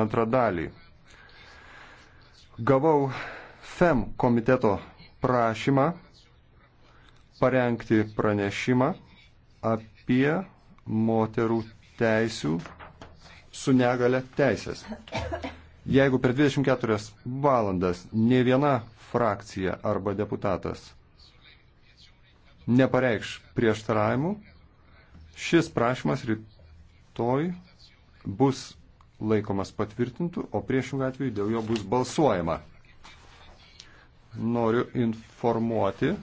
antrą dalį. Gavau FEM komiteto prašymą parengti pranešimą apie moterų teisių su negale teisės. Jeigu per 24 valandas ne viena frakcija arba deputatas nepareikš prieštaravimų, šis prašymas rytoj bus laikomas patvirtintų, o priešingų atveju dėl jo bus balsuojama. Noriu informuoti